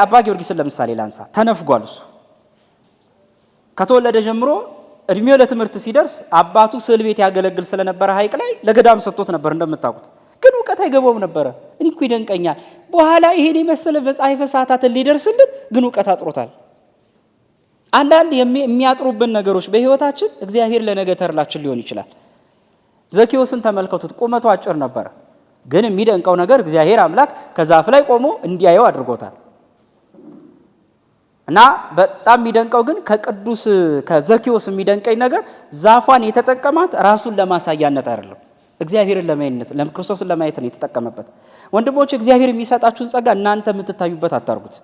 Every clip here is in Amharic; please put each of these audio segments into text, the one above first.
አባ ጊዮርጊስን ለምሳሌ ላንሳ። ተነፍጓል። እሱ ከተወለደ ጀምሮ እድሜው ለትምህርት ሲደርስ አባቱ ስዕል ቤት ያገለግል ስለነበረ ሐይቅ ላይ ለገዳም ሰጥቶት ነበር። እንደምታውቁት ግን እውቀት አይገባውም ነበረ። እኔ እኮ ይደንቀኛል። በኋላ ይሄን የመሰለ መጽሐፈ ሰዓታትን ሊደርስልን ግን እውቀት አጥሮታል። አንዳንድ የሚያጥሩብን ነገሮች በህይወታችን እግዚአብሔር ለነገ ተርላችን ሊሆን ይችላል። ዘኬዎስን ተመልከቱት። ቁመቱ አጭር ነበረ፣ ግን የሚደንቀው ነገር እግዚአብሔር አምላክ ከዛፍ ላይ ቆሞ እንዲያየው አድርጎታል። እና በጣም የሚደንቀው ግን ከቅዱስ ከዘኪዎስ የሚደንቀኝ ነገር ዛፏን የተጠቀማት ራሱን ለማሳያነት አይደለም፣ እግዚአብሔርን ለማየት ለክርስቶስን ለማየት ነው የተጠቀመበት። ወንድሞች እግዚአብሔር የሚሰጣችሁን ጸጋ እናንተ የምትታዩበት አታርጉት።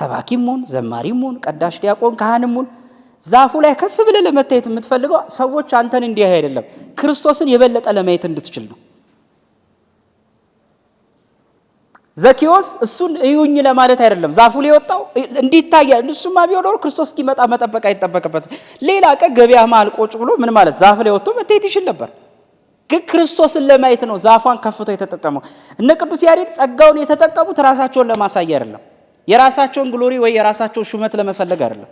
ሰባኪም ሁን፣ ዘማሪም ሁን፣ ቀዳሽ ዲያቆን፣ ካህንም ሁን ዛፉ ላይ ከፍ ብለ ለመታየት የምትፈልገው ሰዎች አንተን እንዲህ አይደለም፣ ክርስቶስን የበለጠ ለማየት እንድትችል ነው። ዘኪዎስ እሱን እዩኝ ለማለት አይደለም ዛፉ ላይ የወጣው እንዲታያል። እሱማ ቢሆን ክርስቶስ እስኪመጣ መጠበቅ አይጠበቅበትም። ሌላ ቀን ገበያ መሃል ቁጭ ብሎ ምን ማለት ዛፍ ላይ ወጥቶ መታየት ይችል ነበር። ግን ክርስቶስን ለማየት ነው ዛፏን ከፍቶ የተጠቀመው። እነ ቅዱስ ያሬድ ጸጋውን የተጠቀሙት ራሳቸውን ለማሳየ አይደለም፣ የራሳቸውን ግሎሪ ወይ የራሳቸውን ሹመት ለመፈለግ አይደለም፣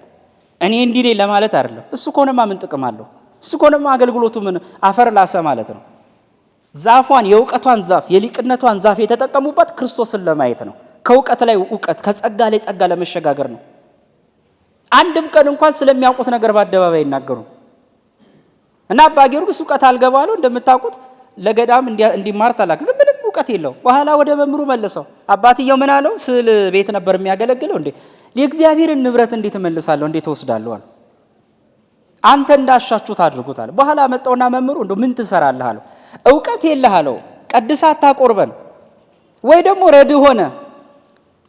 እኔ እንዲህ ለማለት አይደለም። እሱ ከሆነማ ምን ጥቅም አለው? እሱ ከሆነማ አገልግሎቱ ምን አፈር ላሰ ማለት ነው። ዛፏን የእውቀቷን ዛፍ የሊቅነቷን ዛፍ የተጠቀሙባት ክርስቶስን ለማየት ነው። ከእውቀት ላይ እውቀት፣ ከጸጋ ላይ ጸጋ ለመሸጋገር ነው። አንድም ቀን እንኳን ስለሚያውቁት ነገር በአደባባይ ይናገሩ እና አባ ጊዮርጊስ እውቀት አልገባ አለው። እንደምታውቁት ለገዳም እንዲማር ተላከ፣ ግን ምንም እውቀት የለው። በኋላ ወደ መምሩ መልሰው አባትየው ምን አለው? ስዕል ቤት ነበር የሚያገለግለው። እንዴ የእግዚአብሔርን ንብረት እንዴት እመልሳለሁ? እንዴት እወስዳለሁ? አንተ እንዳሻችሁት አድርጉታል። በኋላ መጣውና መምሩ እንደ ምን ትሰራለህ አለው እውቀት የለህ አለው። ቀድሳ አታቆርበን ወይ ደግሞ ረድ ሆነ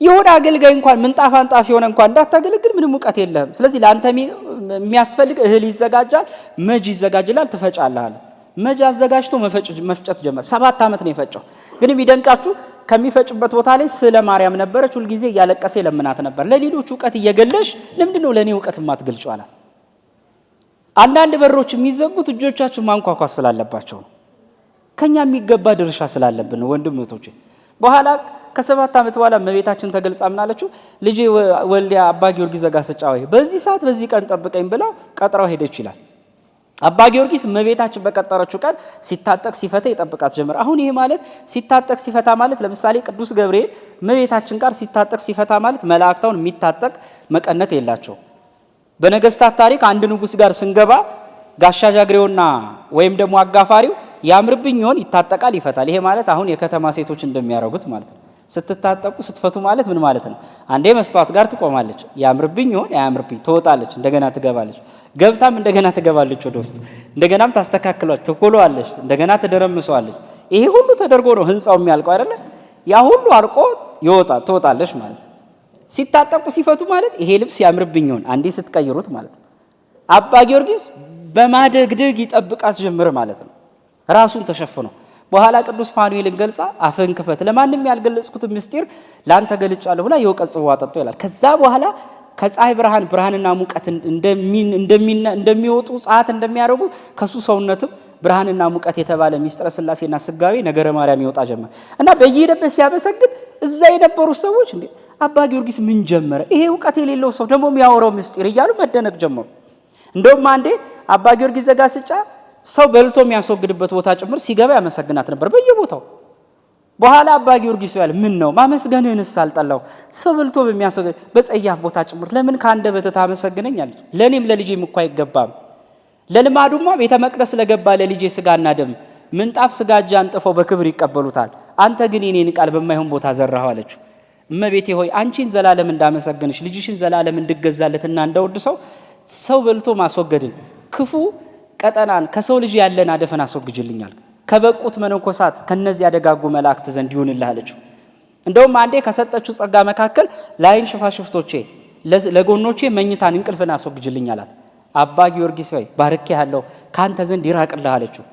የሆነ አገልጋይ እንኳን ምንጣፍ አንጣፍ የሆነ እንኳን እንዳታገለግል ምንም እውቀት የለህም። ስለዚህ ለአንተ የሚያስፈልግ እህል ይዘጋጃል፣ መጅ ይዘጋጅላል፣ ትፈጫለሃል መጅ አዘጋጅቶ መፍጨት ጀመር። ሰባት ዓመት ነው የፈጨው። ግን የሚደንቃችሁ ከሚፈጭበት ቦታ ላይ ስለ ማርያም ነበረች። ሁልጊዜ እያለቀሰ ለምናት ነበር። ለሌሎች እውቀት እየገለሽ ልምድ ነው ለእኔ እውቀት የማትገልጩ አላት። አንዳንድ በሮች የሚዘጉት እጆቻችን ማንኳኳት ስላለባቸው ነው። ከኛ የሚገባ ድርሻ ስላለብን ወንድም እህቶቼ በኋላ ከሰባት ዓመት በኋላ መቤታችን ተገልጻ ምናለችው ልጄ ወልዲያ አባ ጊዮርጊስ ዘጋ ወይ በዚህ ሰዓት በዚህ ቀን ጠብቀኝ ብለው ቀጥራው ሄደች ይላል። አባ ጊዮርጊስ መቤታችን በቀጠረችው ቀን ሲታጠቅ ሲፈታ ይጠብቃት ጀምር አሁን ይሄ ማለት ሲታጠቅ ሲፈታ ማለት ለምሳሌ ቅዱስ ገብርኤል መቤታችን ጋር ሲታጠቅ ሲፈታ ማለት መላእክታውን የሚታጠቅ መቀነት የላቸው። በነገስታት ታሪክ አንድ ንጉስ ጋር ስንገባ ጋሻ ጃግሬውና ወይም ደግሞ አጋፋሪው ያምርብኝ ይሆን ይታጠቃል፣ ይፈታል። ይሄ ማለት አሁን የከተማ ሴቶች እንደሚያደርጉት ማለት ነው። ስትታጠቁ ስትፈቱ ማለት ምን ማለት ነው? አንዴ መስታወት ጋር ትቆማለች። ያምርብኝ ይሆን ያምርብኝ ትወጣለች፣ እንደገና ትገባለች፣ ገብታም እንደገና ትገባለች ወደ ውስጥ፣ እንደገናም ታስተካክሏል፣ ትኩሏለች እንደገና ትደረምሰዋለች። ይሄ ሁሉ ተደርጎ ነው ህንፃው የሚያልቀው አይደለ? ያ ሁሉ አልቆ ይወጣ ትወጣለች ማለት ሲታጠቁ ሲፈቱ ማለት ይሄ ልብስ ያምርብኝ ይሆን አንዴ ስትቀይሩት ማለት ነው። አባ ጊዮርጊስ በማደግደግ ይጠብቃት ጀምር ማለት ነው። ራሱን ተሸፍኖ በኋላ ቅዱስ ፋኑኤልን ገልጻ አፍህን ክፈት ለማንም ያልገለጽኩት ምስጢር ለአንተ ገልጫለሁ ብላ የእውቀት ጽዋ ጠጦ ይላል። ከዛ በኋላ ከፀሐይ ብርሃን ብርሃንና ሙቀት እንደሚወጡ ፀዓት እንደሚያደርጉ ከሱ ሰውነትም ብርሃንና ሙቀት የተባለ ሚስጥረ ስላሴና ስጋቤ ነገረ ማርያም ይወጣ ጀመር እና በየሄደበት ሲያመሰግን እዛ የነበሩ ሰዎች እንዴ አባ ጊዮርጊስ ምን ጀመረ ይሄ እውቀት የሌለው ሰው ደግሞ የሚያወራው ምስጢር እያሉ መደነቅ ጀመሩ። እንደውም አንዴ አባ ጊዮርጊስ ዘጋስጫ ሰው በልቶ የሚያስወግድበት ቦታ ጭምር ሲገባ ያመሰግናት ነበር በየቦታው። በኋላ አባ ጊዮርጊስ ያል ምን ነው ማመስገንህንስ አልጠላው ሰው በልቶ በሚያስወግድ በጸያፍ ቦታ ጭምር ለምን ከአንደበትህ ታመሰግነኝ አለች። ለእኔም ለልጄም እኮ አይገባም። ለልማዱማ ቤተ መቅደስ ለገባ ለልጄ ስጋና ደም ምንጣፍ ስጋጃ አንጥፈው በክብር ይቀበሉታል። አንተ ግን የኔን ቃል በማይሆን ቦታ ዘራኸው አለችው። እመቤቴ ሆይ አንቺን ዘላለም እንዳመሰግንሽ ልጅሽን ዘላለም እንድገዛለትና እንዳወድ ሰው ሰው በልቶ ማስወገድን ክፉ ቀጠናን ከሰው ልጅ ያለን አደፈን አስወግጅልኛል ከበቁት መነኮሳት ከነዚህ ያደጋጉ መላእክት ዘንድ ይሁንልህ አለችው። እንደውም አንዴ ከሰጠችው ጸጋ መካከል ላይን ሽፋሽፍቶቼ ለጎኖቼ መኝታን እንቅልፍን አስወግጅልኝ አላት። አባ ጊዮርጊስ ወይ ባርኬ ያለው ከአንተ ዘንድ ይራቅልህ አለችው።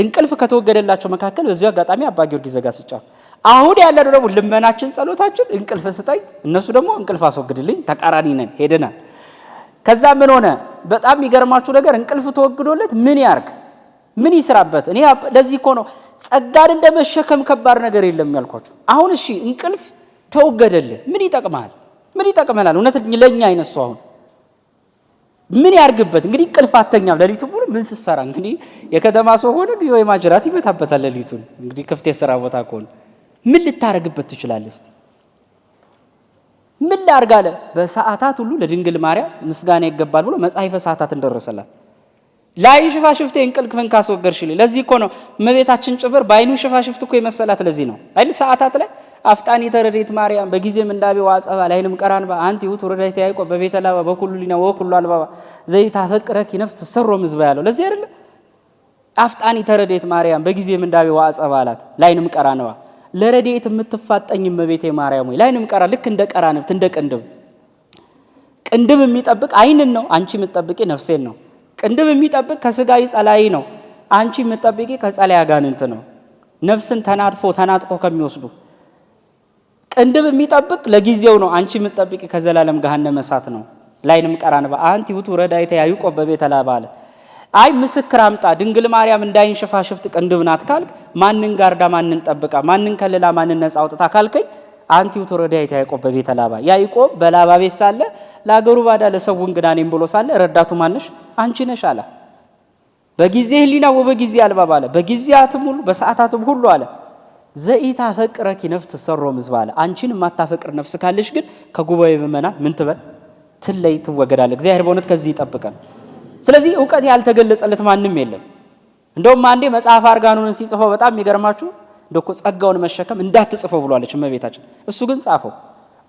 እንቅልፍ ከተወገደላቸው መካከል በዚ አጋጣሚ አባ ጊዮርጊስ ስጫ አሁን ያለ ደግሞ ልመናችን፣ ጸሎታችን እንቅልፍ ስጠኝ፣ እነሱ ደግሞ እንቅልፍ አስወግድልኝ፣ ተቃራኒ ነን ሄደናል። ከዛ ምን ሆነ? በጣም የሚገርማችሁ ነገር እንቅልፍ ተወግዶለት ምን ያርግ ምን ይስራበት? እኔ ለዚህ እኮ ነው ጸጋን እንደ መሸከም ከባድ ነገር የለም ያልኳችሁ። አሁን እሺ እንቅልፍ ተወገደል ምን ይጠቅመሃል? ምን ይጠቅመናል? እውነት ለእኛ አይነሱ አሁን ምን ያርግበት? እንግዲህ እንቅልፍ አተኛም ለሊቱ ሙሉ ምን ስሰራ እንግዲህ የከተማ ሰው ሆነ ዲዮ የማጅራት ይመታበታል። ለሊቱን እንግዲህ ክፍት የስራ ቦታ ከሆነ ምን ልታረግበት ትችላለስ ምን ላድርግ አለ። በሰዓታት ሁሉ ለድንግል ማርያም ምስጋና ይገባል ብሎ መጽሐፈ ሰዓታት እንደረሰላት ላይ ሽፋሽፍቴ እንቅልፍን ካስወገድሽልኝ። ለዚህ እኮ ነው እመቤታችን ጭብር በአይኑ ሽፋሽፍት እኮ የመሰላት ለዚህ ነው አይል ሰዓታት ላይ አፍጣኒ ተረዴት ማርያም በጊዜ ምንዳቤ ዋጸባ ላይንም ቀራንባ አንቲ ውት ረዳይተ ያዕቆብ በቤተ ላባ በኩሉ ሊና ወኩሉ አልባባ ዘይታፈቅረኪ ይነፍስ ተሰሮ ምዝባ ያለው ለዚህ አይደለ? አፍጣኒ ተረዴት ማርያም በጊዜ ምንዳቤ ዋጸባ አላት ላይንም ቀራንባ ለረድኤት የምትፋጠኝ እመቤቴ ማርያም ወይ ላይንም ቀራ ልክ እንደ ቀራንብት እንደ ቅንድብ ቅንድብ የሚጠብቅ አይንን ነው። አንቺ የምትጠብቂ ነፍሴን ነው። ቅንድብ የሚጠብቅ ከስጋዊ ጸላኢ ነው። አንቺ የምትጠብቂ ከጸላኢ አጋንንት ነው። ነፍስን ተናድፎ ተናጥቆ ከሚወስዱ ቅንድብ የሚጠብቅ ለጊዜው ነው። አንቺ የምትጠብቂ ከዘላለም ጋህነ መሳት ነው። ላይንም ቀራንባ አንቲ ውቱ ረዳይተ ያዩቆ በቤተ ላባለ አይ ምስክር አምጣ ድንግል ማርያም እንዳይንሽፋሽፍት ቅንድብ ናት ካልክ ማንን ጋርዳ ማንን ጠብቃ ማንን ከልላ ማንን ነፃ አውጥታ ካልከኝ አንቲ ውትወርዳይት ያዕቆብ በቤተ ላባ ያዕቆብ በላባ ቤት ሳለ ለአገሩ ባዳ ለሰው እንግዳ ነኝ ብሎ ሳለ ረዳቱ ማንሽ አንቺ ነሽ አላ በጊዜ ህሊና ወበጊዜ አልባ ባለ በጊዜያትም ሁሉ በሰዓታትም ሁሉ አለ ዘኢታ ፈቅረኪ ነፍስ ሰሮ ምዝባ አንቺን የማታፈቅር ነፍስ ካለሽ ግን ከጉባኤ ምእመናን ምን ትበል ትለይ ትወገዳለ። እግዚአብሔር በእውነት ከዚህ ይጠብቀን። ስለዚህ እውቀት ያልተገለጸለት ማንም የለም። እንደውም አንዴ መጽሐፍ አርጋኑን ሲጽፈው በጣም የሚገርማችሁ እንደኮ ጸጋውን መሸከም እንዳትጽፈው ብሏለች እመቤታችን። እሱ ግን ጻፈው።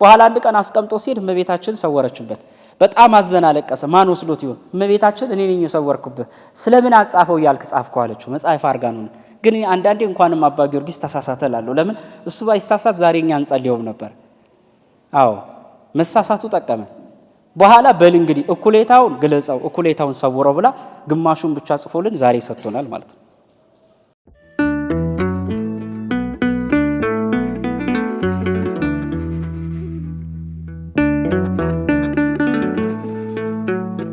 በኋላ አንድ ቀን አስቀምጦ ሲሄድ እመቤታችን ሰወረችበት። በጣም አዘን አለቀሰ ማን ወስዶት ይሆን? እመቤታችን እኔ ነኝ የሰወርኩብህ፣ ስለምን አጻፈው እያልክ ጻፍኩ አለችው። መጽሐፍ አርጋኑን ግን አንዳንዴ እንኳንም አባ ጊዮርጊስ ተሳሳተ እላለሁ። ለምን እሱ ባይሳሳት ዛሬ እኛ አንጸልየውም ነበር። አዎ መሳሳቱ ጠቀመ። በኋላ በል እንግዲህ እኩሌታውን ግለጸው እኩሌታውን ሰውረው ብላ ግማሹን ብቻ ጽፎልን ዛሬ ሰጥቶናል ማለት ነው።